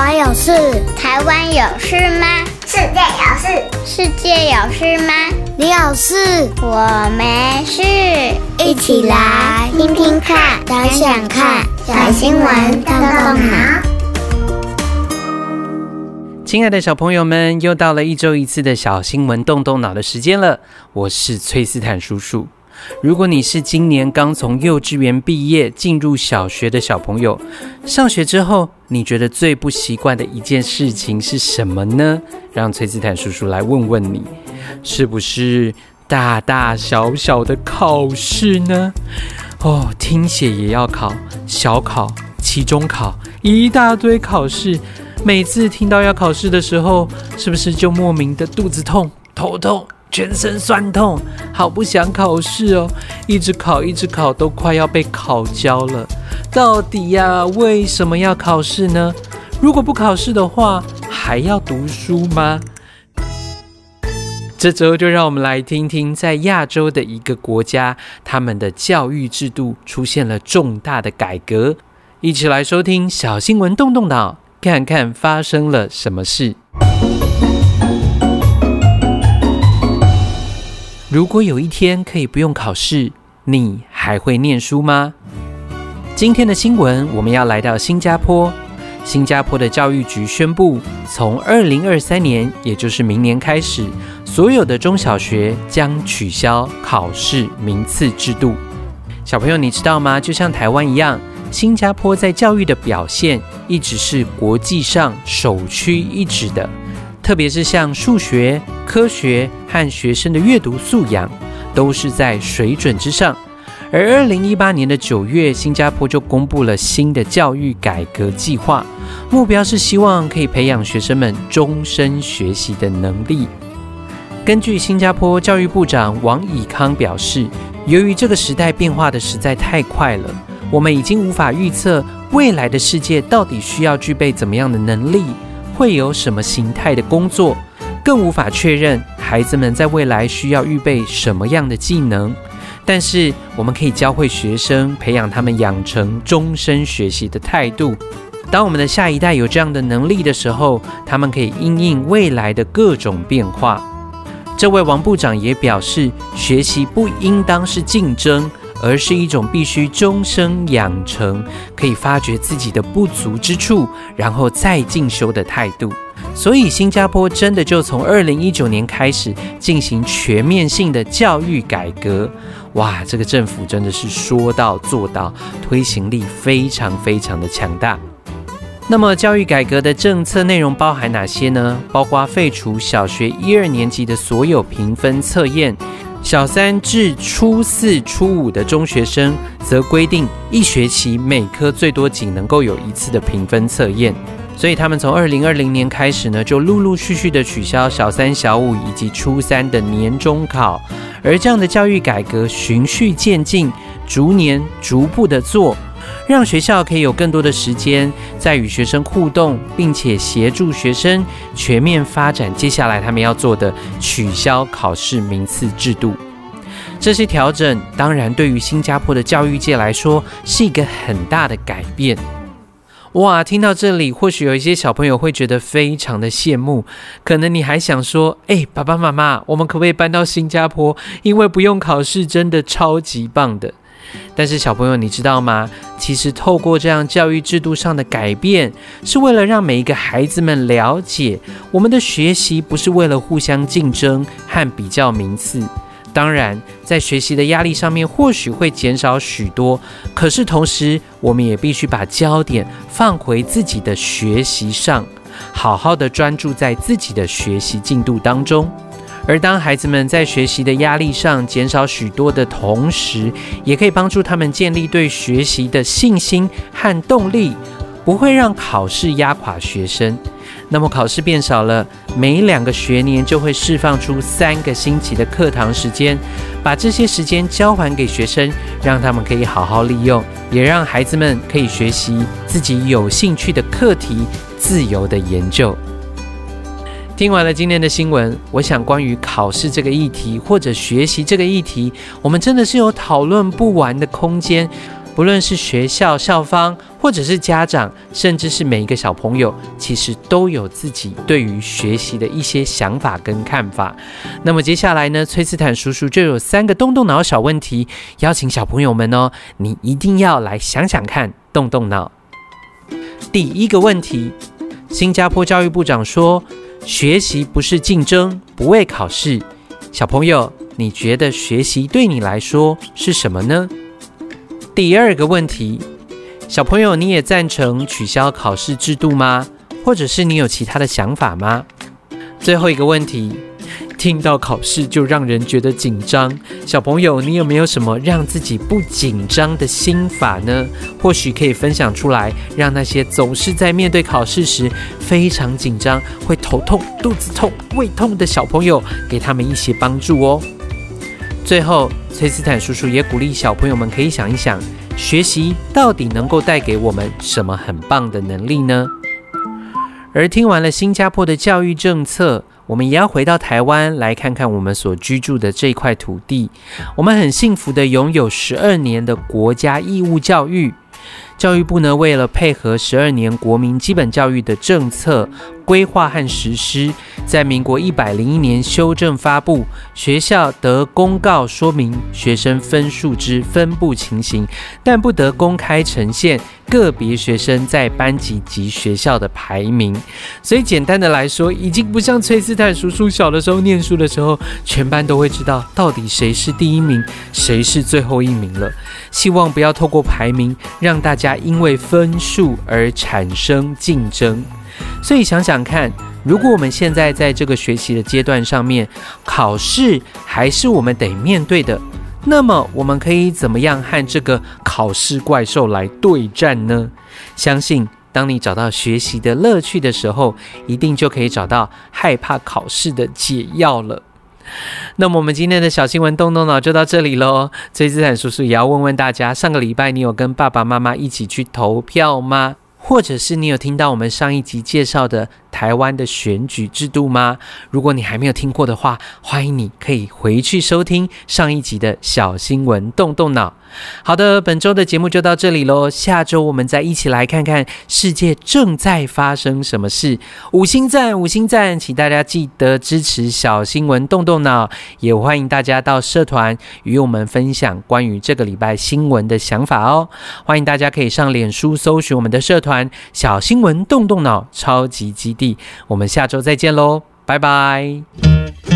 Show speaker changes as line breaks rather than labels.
我有事，台灣有事嗎？世界有事，世界有事嗎？你有事，我沒事。一起來聽聽看，想想看，小新聞動動腦。親愛的小朋友們，又到了一周一次的小新聞動動腦的時間了。我是崔斯坦叔叔。如果你是今年剛從幼稚園畢業進入小學的小朋友，上學之後，你覺得最不習慣的一件事情是什麼呢？讓崔斯坦叔叔來問問你，是不是大大小小的考試呢？哦，聽寫也要考，小考、期中考，一大堆考試。每次聽到要考試的時候，是不是就莫名的肚子痛、頭痛？全身酸痛，好不想考試哦！一直考，一直考，都快要被考焦了。到底呀、啊，為什麼要考試呢？如果不考試的話，還要讀書嗎？ 這周就讓我們來聽聽，在亞洲的一個國家，他們的教育制度出現了重大的改革。一起來收聽小新聞，動動腦，看看發生了什麼事。如果有一天可以不用考試，你還會念書嗎？今天的新聞我們要來到新加坡。新加坡的教育局宣布，從二零二三年，也就是明年開始，所有的中小學將取消考試名次制度。小朋友，你知道嗎？就像台灣一樣，新加坡在教育的表現一直是國際上首屈一指的。特別是像數學、科學和學生的閱讀素養，都是在水準之上。而二零一八年的九月，新加坡就公布了新的教育改革計劃，目標是希望可以培養學生們終身學習的能力。根據新加坡教育部長王以康表示，由於這個時代變化的實在太快了，我們已經無法預測未來的世界到底需要具備怎麼樣的能力。會有什麼形態的工作，更無法確認孩子們在未來需要預備什麼樣的技能。但是，我們可以教會學生，培養他們養成終身學習的態度。當我們的下一代有這樣的能力的時候，他們可以因應未來的各種變化。這位王部長也表示，學習不應當是競爭，而是一種必須終生養成、可以發覺自己的不足之處，然後再進修的態度。所以，新加坡真的就從二零一九年開始進行全面性的教育改革。哇，這個政府真的是說到做到，推行力非常非常的強大。那麼，教育改革的政策內容包含哪些呢？包括廢除小學一二年級的所有評分測驗。小三至初四、初五的中學生，則規定一學期每科最多僅能夠有一次的評分測驗。所以，他們從二零二零年開始呢，就陸陸續續的取消小三、小五以及初三的年中考。而這樣的教育改革循序漸進，逐年逐步的做。讓學校可以有更多的時間在與學生互動，並且協助學生全面發展。接下來他們要做的，取消考試名次制度。這些調整當然對於新加坡的教育界來說是一個很大的改變。哇，聽到這裡，或許有一些小朋友會覺得非常的羨慕。可能你還想說：“誒，爸爸媽媽，我們可不可以搬到新加坡？因為不用考試，真的超級棒的。”但是小朋友，你知道嗎？其實透過這樣教育制度上的改變，是為了讓每一個孩子們了解，我們的學習不是為了互相競爭和比較名次。當然，在學習的壓力上面，或許會減少許多。可是同時，我們也必須把焦點放回自己的學習上，好好的專注在自己的學習進度當中。而當孩子們在學習的壓力上減少許多的同時，也可以幫助他們建立對學習的信心和動力，不會讓考試壓垮學生。那麼，考試變少了，每兩個學年就會釋放出三個星期的課堂時間，把這些時間交還給學生，讓他們可以好好利用，也讓孩子們可以學習自己有興趣的課題，自由的研究。聽完了今天的新聞，我想關於考試這個議題，或者學習這個議題，我們真的是有討論不完的空間。不論是學校校方，或者是家長，甚至是每一個小朋友，其實都有自己對於學習的一些想法跟看法。那麼接下來呢，崔斯坦叔叔就有三個動動腦小問題，邀請小朋友們哦，你一定要來想想看，動動腦。第一個問題，新加坡教育部長說。學習不是競爭，不為考試。小朋友，你覺得學習對你來說是什麼呢？第二個問題，小朋友，你也贊成取消考試制度嗎？或者是你有其他的想法嗎？最後一個問題。聽到考試就讓人覺得緊張，小朋友，你有沒有什麼讓自己不緊張的心法呢？或許可以分享出來，讓那些總是在面對考試時非常緊張、會頭痛、肚子痛、胃痛的小朋友，給他們一些幫助哦。最後，崔斯坦叔叔也鼓勵小朋友們可以想一想，學習到底能夠帶給我們什麼很棒的能力呢？而聽完了新加坡的教育政策。我們也要回到台灣來看看我們所居住的這塊土地。我們很幸福地擁有十二年的國家義務教育。教育部呢，為了配合十二年國民基本教育的政策規劃和實施，在民國一百零一年修正發布，學校得公告說明學生分數之分布情形，但不得公開呈現個別學生在班級及學校的排名，所以簡單的來說，已經不像崔斯坦叔叔小的時候念書的時候，全班都會知道到底誰是第一名，誰是最後一名了。希望不要透過排名讓大家因為分數而產生競爭。所以想想看，如果我們現在在這個學習的階段上面，考試還是我們得面對的。那麼我們可以怎麼樣和這個考試怪獸來對戰呢？相信當你找到學習的樂趣的時候，一定就可以找到害怕考試的解藥了。那麼我們今天的小新聞，動動腦就到這裡嘍。崔斯坦叔叔也要問問大家，上個禮拜你有跟爸爸媽媽一起去投票嗎？或者是你有聽到我們上一集介紹的台灣的選舉制度嗎？如果你還沒有聽過的話，歡迎你可以回去收聽上一集的小新聞，動動腦。好的，本周的節目就到這裡嘍。下周我們再一起來看看世界正在發生什麼事。五星讚，五星讚，請大家記得支持小新聞動動腦，也歡迎大家到社團與我們分享關於這個禮拜新聞的想法哦。歡迎大家可以上臉書搜尋我們的社團“小新聞動動腦超級基地”。我們下周再見嘍，拜拜。嗯